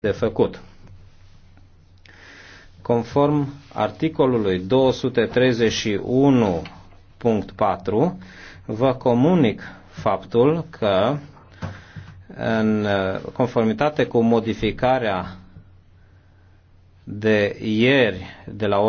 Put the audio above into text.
de făcut. Conform articolului 231.4, vă comunic faptul că, în conformitate cu modificarea de ieri de la ora